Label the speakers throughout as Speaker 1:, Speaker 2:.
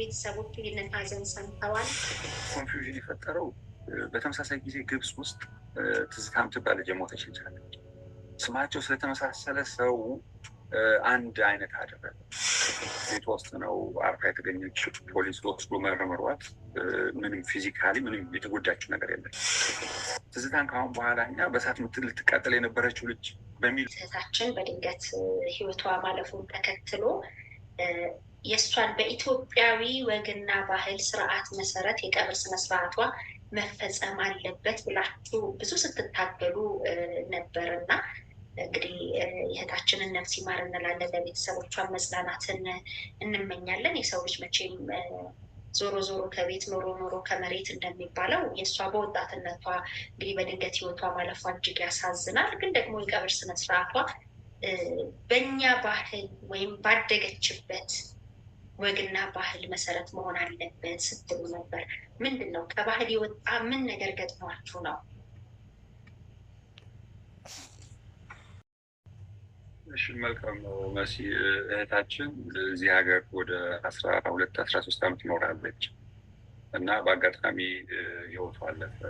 Speaker 1: ቤተሰቦች ይህንን ሀዘን ሰምተዋል።
Speaker 2: ኮንፊውዥን የፈጠረው በተመሳሳይ ጊዜ ግብፅ ውስጥ ትዝታም ትባለ ጀሞተች ልጅ ስማቸው ስለተመሳሰለ ሰው አንድ አይነት አደረገ። ቤት ውስጥ ነው አርፋ የተገኘች። ፖሊስ ወስዶ መረመሯት። ምንም ፊዚካሊ ምንም የተጎዳችው ነገር የለም። ትዝታን ከአሁን በኋላ እኛ በእሳት ምት ልትቃጠል የነበረችው ልጅ በሚል
Speaker 3: ትዝታችን በድንገት ህይወቷ ማለፉን ተከትሎ የእሷን በኢትዮጵያዊ ወግና ባህል ስርዓት መሰረት የቀብር ስነስርዓቷ መፈጸም አለበት ብላችሁ ብዙ ስትታገሉ ነበር እና እንግዲህ እህታችንን ነፍስ ይማር እንላለን። ለቤተሰቦቿን መጽናናትን እንመኛለን። የሰው ልጅ መቼም ዞሮ ዞሮ ከቤት ኖሮ ኖሮ ከመሬት እንደሚባለው የእሷ በወጣትነቷ እንግዲህ በድንገት ህይወቷ ማለፏ እጅግ ያሳዝናል። ግን ደግሞ የቀብር ስነስርዓቷ በእኛ ባህል ወይም ባደገችበት ወግና ባህል መሰረት መሆን አለበት ስትሉ ነበር። ምንድን ነው ከባህል የወጣ ምን ነገር ገጥሟችሁ ነው?
Speaker 2: እሺ መልካም ነው መሲ እህታችን እዚህ ሀገር ወደ አስራ ሁለት አስራ ሶስት ዓመት ኖራለች እና በአጋጣሚ ህይወቱ አለፈ።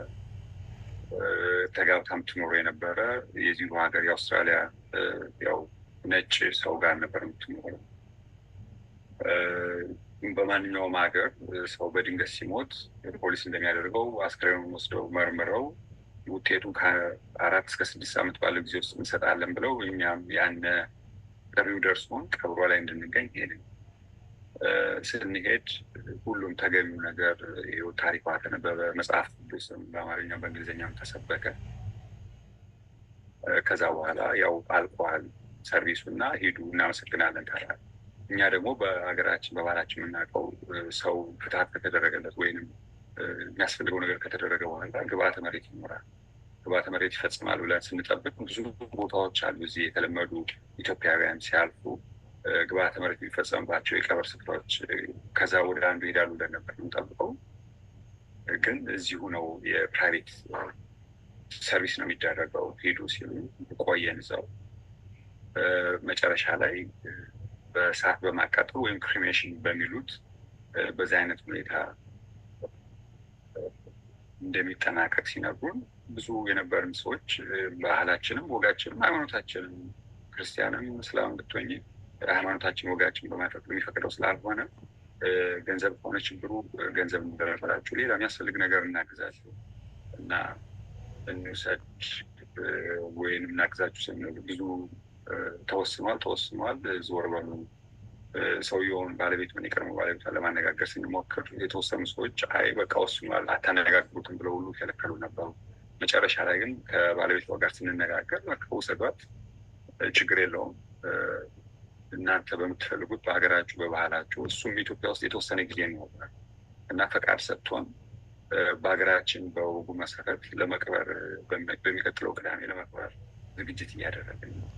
Speaker 2: ተጋብታም ትኖሮ የነበረ የዚሁ ሀገር የአውስትራሊያ ያው ነጭ ሰው ጋር ነበር የምትኖረው በማንኛውም ሀገር ሰው በድንገት ሲሞት ፖሊስ እንደሚያደርገው አስክሬኑን ወስደው መርምረው ውጤቱን ከአራት እስከ ስድስት ዓመት ባለው ጊዜ ውስጥ እንሰጣለን ብለው እኛም ያነ ጥሪው ደርሶን ቀብሯ ላይ እንድንገኝ ሄድን። ስንሄድ ሁሉም ተገቢው ነገር ታሪኳ ተነበበ። መጽሐፍ ቅዱስም በአማርኛ በእንግሊዝኛም ተሰበከ። ከዛ በኋላ ያው አልቋል ሰርቪሱ እና ሂዱ እናመሰግናለን ካላል እኛ ደግሞ በሀገራችን በባህላችን የምናውቀው ሰው ፍትሀት ከተደረገለት ወይንም የሚያስፈልገው ነገር ከተደረገ በኋላ ግብአተ መሬት ይኖራል። ግብአተ መሬት ይፈጽማል ብለን ስንጠብቅ ብዙ ቦታዎች አሉ። እዚህ የተለመዱ ኢትዮጵያውያን ሲያልፉ ግብአተ መሬት የሚፈጸምባቸው የቀብር ስፍራዎች ከዛ ወደ አንዱ ይሄዳሉ ብለን ነበር የምንጠብቀው። ግን እዚሁ ነው የፕራይቬት ሰርቪስ ነው የሚደረገው። ሄዱ ሲሉ ቆየን እዛው መጨረሻ ላይ በእሳት በማቃጠል ወይም ክሪሜሽን በሚሉት በዚህ አይነት ሁኔታ እንደሚጠናቀቅ ሲነግሩን ብዙ የነበርን ሰዎች ባህላችንም፣ ወጋችንም፣ ሃይማኖታችንም ክርስቲያንም እስላም ብትሆኝ ሃይማኖታችን ወጋችን በማድረግ የሚፈቅደው ስላልሆነ ገንዘብ ከሆነ ችግሩ ገንዘብ እንደረፈላችሁ ሌላ የሚያስፈልግ ነገር እናግዛችሁ እና እንውሰድ ወይም እናግዛችሁ ብዙ ተወስኗል ተወስኗል ዞር በሉ ሰውየውን ባለቤቱን የቀድሞ ባለቤቷን ለማነጋገር ስንሞክር የተወሰኑ ሰዎች አይ በቃ ወስኗል አታነጋግሩትም ብለው ሁሉ ከለከሉ ነበሩ። መጨረሻ ላይ ግን ከባለቤቷ ጋር ስንነጋገር ውሰዷት፣ ችግር የለውም እናንተ በምትፈልጉት በሀገራችሁ በባህላችሁ፣ እሱም ኢትዮጵያ ውስጥ የተወሰነ ጊዜ ነው እና ፈቃድ ሰጥቶን በሀገራችን በወጉ መሰረት ለመቅበር በሚቀጥለው ቅዳሜ ለመቅበር ዝግጅት እያደረግን ነው።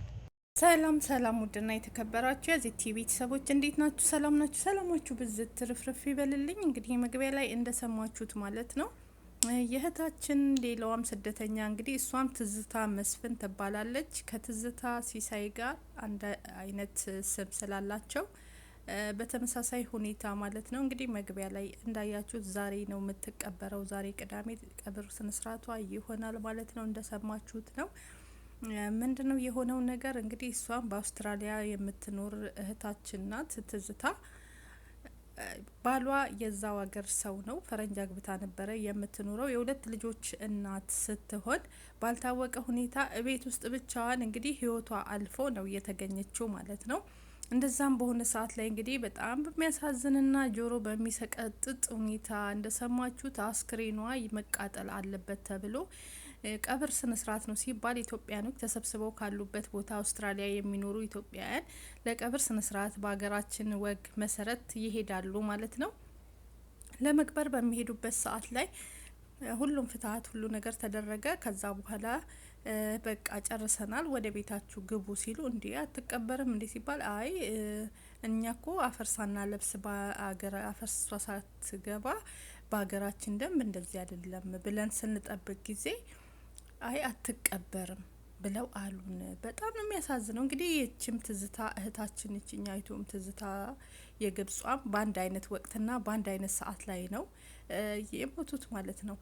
Speaker 4: ሰላም ሰላም ውድና የተከበራችሁ የዚህ ቲቪ ቤተሰቦች እንዴት ናችሁ? ሰላም ናችሁ? ሰላማችሁ ብዝት ትርፍርፍ ይበልልኝ። እንግዲህ መግቢያ ላይ እንደሰማችሁት ማለት ነው የእህታችን ሌላዋም ስደተኛ እንግዲህ እሷም ትዝታ መስፍን ትባላለች። ከትዝታ ሲሳይ ጋር አንድ አይነት ስም ስላላቸው በተመሳሳይ ሁኔታ ማለት ነው እንግዲህ መግቢያ ላይ እንዳያችሁት ዛሬ ነው የምትቀበረው። ዛሬ ቅዳሜ ቀብር ስነስርዓቷ ይሆናል ማለት ነው እንደሰማችሁት ነው። ምንድነው የሆነው ነገር እንግዲህ እሷም በአውስትራሊያ የምትኖር እህታችን ናት ትዝታ ባሏ የዛው ሀገር ሰው ነው። ፈረንጅ አግብታ ነበረ የምትኖረው። የሁለት ልጆች እናት ስትሆን ባልታወቀ ሁኔታ እቤት ውስጥ ብቻዋን እንግዲህ ህይወቷ አልፎ ነው እየተገኘችው ማለት ነው። እንደዛም በሆነ ሰዓት ላይ እንግዲህ በጣም በሚያሳዝንና ጆሮ በሚሰቀጥጥ ሁኔታ እንደሰማችሁት አስክሬኗ መቃጠል አለበት ተብሎ ቀብር ስነስርዓት ነው ሲባል ኢትዮጵያኖች ተሰብስበው ካሉበት ቦታ አውስትራሊያ የሚኖሩ ኢትዮጵያውያን ለቀብር ስነ ስርዓት በሀገራችን ወግ መሰረት ይሄዳሉ ማለት ነው። ለመቅበር በሚሄዱበት ሰዓት ላይ ሁሉም ፍትሀት ሁሉ ነገር ተደረገ። ከዛ በኋላ በቃ ጨርሰናል፣ ወደ ቤታችሁ ግቡ ሲሉ እንዲ አትቀበርም እንዴ ሲባል አይ እኛ ኮ አፈርሳና ለብስ በአገር አፈርሷ ሳትገባ በሀገራችን ደንብ እንደዚህ አይደለም ብለን ስንጠብቅ ጊዜ አይ አትቀበርም ብለው አሉን። በጣም ነው የሚያሳዝነው። እንግዲህ ይችም ትዝታ እህታችን ይችኛይቱም ትዝታ የግብጿም በአንድ አይነት ወቅትና በአንድ አይነት ሰዓት ላይ ነው የሞቱት ማለት ነው።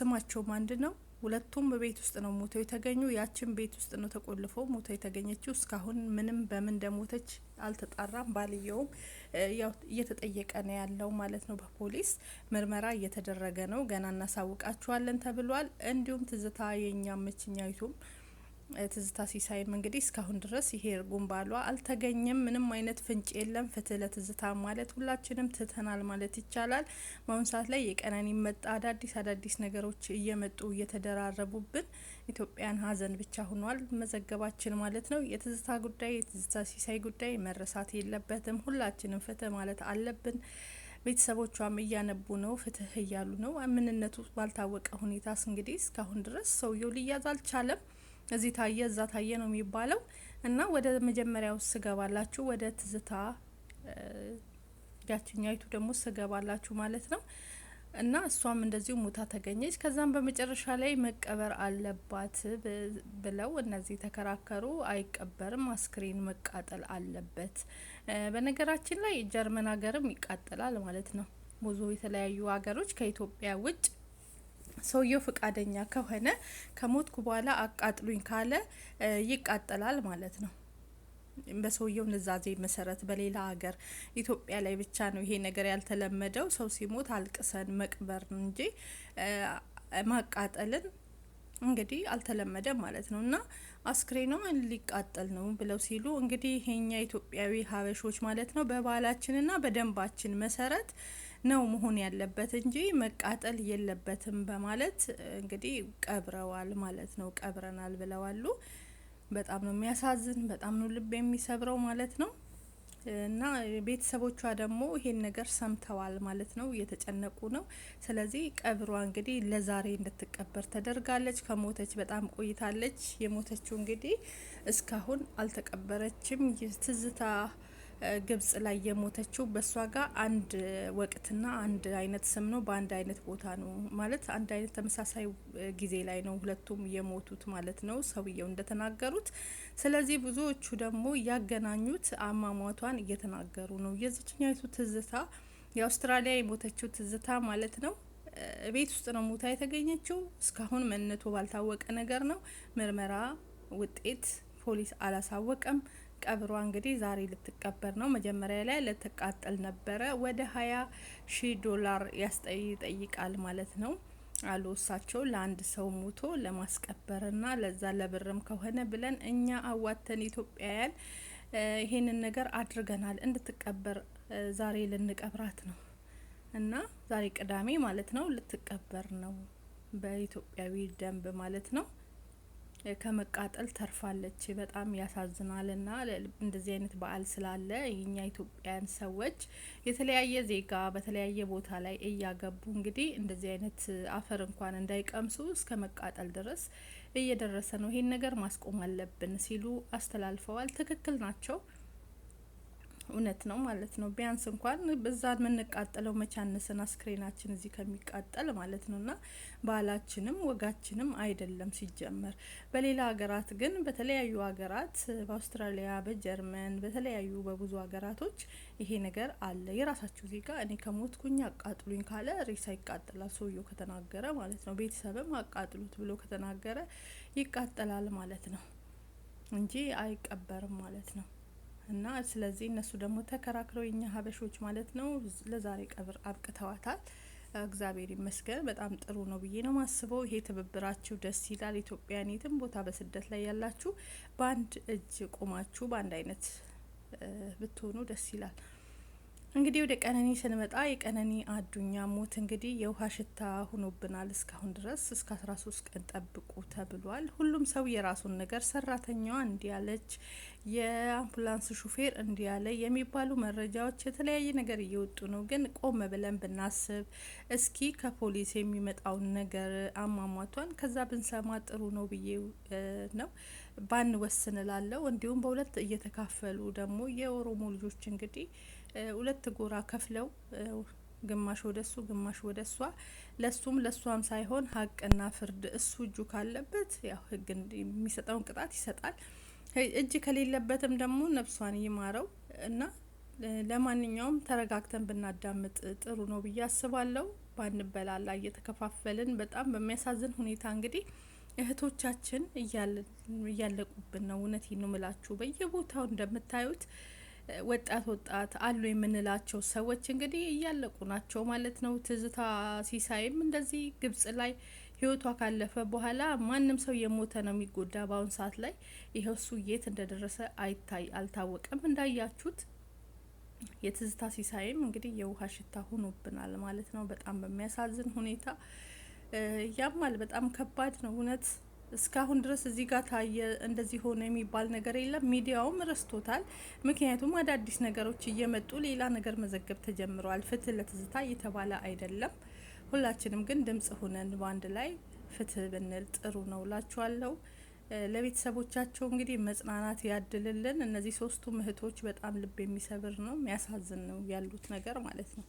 Speaker 4: ስማቸውም አንድ ነው። ሁለቱም ቤት ውስጥ ነው ሞተው የተገኙ። ያችን ቤት ውስጥ ነው ተቆልፈው ሞተው የተገኘችው። እስካሁን ምንም በምን እንደሞተች አልተጣራም። ባልየውም ያው እየተጠየቀ ነው ያለው ማለት ነው በፖሊስ ምርመራ እየተደረገ ነው። ገና እናሳውቃችኋለን ተብሏል። እንዲሁም ትዝታ የኛ መችኛዊቱም ትዝታ ሲሳይም እንግዲህ እስካሁን ድረስ ይሄ እርጉም ባሏ አልተገኘም፣ ምንም አይነት ፍንጭ የለም። ፍትህ ለትዝታ ማለት ሁላችንም ትተናል ማለት ይቻላል። በአሁኑ ሰዓት ላይ የቀነኒ መጣ አዳዲስ አዳዲስ ነገሮች እየመጡ እየተደራረቡብን ኢትዮጵያን ሀዘን ብቻ ሆኗል መዘገባችን ማለት ነው። የትዝታ ጉዳይ የትዝታ ሲሳይ ጉዳይ መረሳት የለበትም። ሁላችንም ፍትህ ማለት አለብን። ቤተሰቦቿም እያነቡ ነው፣ ፍትህ እያሉ ነው። ምንነቱ ባልታወቀ ሁኔታስ እንግዲህ እስካሁን ድረስ ሰውየው ሊያዝ አልቻለም። እዚህ ታየ እዛ ታየ ነው የሚባለው። እና ወደ መጀመሪያው ስገባላችሁ ወደ ትዝታ ያችኛይቱ ደግሞ ስገባላችሁ ማለት ነው። እና እሷም እንደዚሁ ሞታ ተገኘች። ከዛም በመጨረሻ ላይ መቀበር አለባት ብለው እነዚህ ተከራከሩ። አይቀበርም፣ አስክሬን መቃጠል አለበት። በነገራችን ላይ ጀርመን ሀገርም ይቃጠላል ማለት ነው። ብዙ የተለያዩ ሀገሮች ከኢትዮጵያ ውጭ ሰውየው ፍቃደኛ ከሆነ ከሞትኩ በኋላ አቃጥሉኝ ካለ ይቃጠላል ማለት ነው። በሰውየው ንዛዜ መሰረት በሌላ ሀገር ኢትዮጵያ ላይ ብቻ ነው ይሄ ነገር ያልተለመደው። ሰው ሲሞት አልቅሰን መቅበር እንጂ ማቃጠልን እንግዲህ አልተለመደም ማለት ነው። እና አስክሬኗ ሊቃጠል ነው ብለው ሲሉ እንግዲህ ይሄኛ ኢትዮጵያዊ ሀበሾች ማለት ነው በባህላችንና በደንባችን መሰረት ነው መሆን ያለበት እንጂ መቃጠል የለበትም በማለት እንግዲህ ቀብረዋል ማለት ነው። ቀብረናል ብለዋሉ። በጣም ነው የሚያሳዝን፣ በጣም ነው ልብ የሚሰብረው ማለት ነው። እና ቤተሰቦቿ ደግሞ ይሄን ነገር ሰምተዋል ማለት ነው። እየተጨነቁ ነው። ስለዚህ ቀብሯ እንግዲህ ለዛሬ እንድትቀበር ተደርጋለች። ከሞተች በጣም ቆይታለች። የሞተችው እንግዲህ እስካሁን አልተቀበረችም። ትዝታ ግብጽ ላይ የሞተችው በእሷ ጋር አንድ ወቅትና አንድ አይነት ስም ነው። በአንድ አይነት ቦታ ነው ማለት አንድ አይነት ተመሳሳይ ጊዜ ላይ ነው ሁለቱም የሞቱት ማለት ነው ሰውየው እንደተናገሩት። ስለዚህ ብዙዎቹ ደግሞ ያገናኙት አሟሟቷን እየተናገሩ ነው። የዚችኛይቱ ትዝታ የአውስትራሊያ የሞተችው ትዝታ ማለት ነው ቤት ውስጥ ነው ሞታ የተገኘችው። እስካሁን መነቶ ባልታወቀ ነገር ነው ምርመራ ውጤት ፖሊስ አላሳወቀም። ቀብሯ እንግዲህ ዛሬ ልትቀበር ነው። መጀመሪያ ላይ ልትቃጠል ነበረ። ወደ ሀያ ሺህ ዶላር ያስጠይቃል ማለት ነው አሉ እሳቸው። ለአንድ ሰው ሞቶ ለማስቀበርና ለዛ ለብርም ከሆነ ብለን እኛ አዋተን ኢትዮጵያውያን ይሄንን ነገር አድርገናል። እንድትቀበር ዛሬ ልንቀብራት ነው እና ዛሬ ቅዳሜ ማለት ነው ልትቀበር ነው በኢትዮጵያዊ ደንብ ማለት ነው። ከመቃጠል ተርፋለች። በጣም ያሳዝናል። ና እንደዚህ አይነት በዓል ስላለ የኛ ኢትዮጵያውያን ሰዎች የተለያየ ዜጋ በተለያየ ቦታ ላይ እያገቡ እንግዲህ እንደዚህ አይነት አፈር እንኳን እንዳይቀምሱ እስከ መቃጠል ድረስ እየደረሰ ነው። ይሄን ነገር ማስቆም አለብን ሲሉ አስተላልፈዋል። ትክክል ናቸው። እውነት ነው ማለት ነው። ቢያንስ እንኳን በዛ የምንቃጠለው መቻነሰን አስክሬናችን እዚህ ከሚቃጠል ማለት ነው። እና ባህላችንም ወጋችንም አይደለም ሲጀመር። በሌላ ሀገራት ግን በተለያዩ ሀገራት በአውስትራሊያ፣ በጀርመን፣ በተለያዩ በብዙ ሀገራቶች ይሄ ነገር አለ። የራሳችሁ ዜጋ እኔ ከሞትኩኝ አቃጥሉኝ ካለ ሬሳ ይቃጠላል፣ ሰውየው ከተናገረ ማለት ነው። ቤተሰብም አቃጥሉት ብሎ ከተናገረ ይቃጠላል ማለት ነው እንጂ አይቀበርም ማለት ነው። እና ስለዚህ እነሱ ደግሞ ተከራክረው የኛ ሀበሾች ማለት ነው ለዛሬ ቀብር አብቅተዋታል። እግዚአብሔር ይመስገን በጣም ጥሩ ነው ብዬ ነው ማስበው። ይሄ ትብብራችሁ ደስ ይላል። ኢትዮጵያን የትም ቦታ በስደት ላይ ያላችሁ በአንድ እጅ ቆማችሁ በአንድ አይነት ብትሆኑ ደስ ይላል። እንግዲህ ወደ ቀነኒ ስንመጣ የቀነኒ አዱኛ ሞት እንግዲህ የውሃ ሽታ ሆኖብናል። እስካሁን ድረስ እስከ አስራ ሶስት ቀን ጠብቁ ተብሏል። ሁሉም ሰው የራሱን ነገር፣ ሰራተኛዋ እንዲያለች፣ የአምቡላንስ ሹፌር እንዲያለ የሚባሉ መረጃዎች የተለያየ ነገር እየወጡ ነው። ግን ቆም ብለን ብናስብ እስኪ ከፖሊስ የሚመጣውን ነገር አሟሟቷን ከዛ ብንሰማ ጥሩ ነው ብዬ ነው ባንወስንላለው። እንዲሁም በሁለት እየተካፈሉ ደግሞ የኦሮሞ ልጆች እንግዲህ ሁለት ጎራ ከፍለው ግማሽ ወደ እሱ ግማሽ ወደ እሷ ለሱም ለእሷም ሳይሆን ሀቅና ፍርድ እሱ እጁ ካለበት ያው ህግ የሚሰጠውን ቅጣት ይሰጣል። እጅ ከሌለበትም ደግሞ ነፍሷን ይማረው እና ለማንኛውም ተረጋግተን ብናዳምጥ ጥሩ ነው ብዬ አስባለሁ። ባንበላላ እየተከፋፈልን በጣም በሚያሳዝን ሁኔታ እንግዲህ እህቶቻችን እያለቁብን ነው። እውነት ነው ምላችሁ በየቦታው እንደምታዩት ወጣት ወጣት አሉ የምንላቸው ሰዎች እንግዲህ እያለቁ ናቸው ማለት ነው። ትዝታ ሲሳይም እንደዚህ ግብጽ ላይ ህይወቷ ካለፈ በኋላ ማንም ሰው የሞተ ነው የሚጎዳ። በአሁን ሰዓት ላይ ይኸው እሱ የት እንደደረሰ አይታይ አልታወቀም። እንዳያችሁት የትዝታ ሲሳይም እንግዲህ የውሃ ሽታ ሆኖብናል ማለት ነው። በጣም በሚያሳዝን ሁኔታ ያማል። በጣም ከባድ ነው እውነት እስካሁን ድረስ እዚህ ጋር ታየ እንደዚህ ሆነ የሚባል ነገር የለም። ሚዲያውም ረስቶታል። ምክንያቱም አዳዲስ ነገሮች እየመጡ ሌላ ነገር መዘገብ ተጀምረዋል። ፍትህ ለትዝታ እየተባለ አይደለም። ሁላችንም ግን ድምጽ ሁነን በአንድ ላይ ፍትህ ብንል ጥሩ ነው ላችኋለሁ። ለቤተሰቦቻቸው እንግዲህ መጽናናት ያድልልን። እነዚህ ሶስቱ እህቶች በጣም ልብ የሚሰብር ነው የሚያሳዝን ነው ያሉት ነገር ማለት ነው።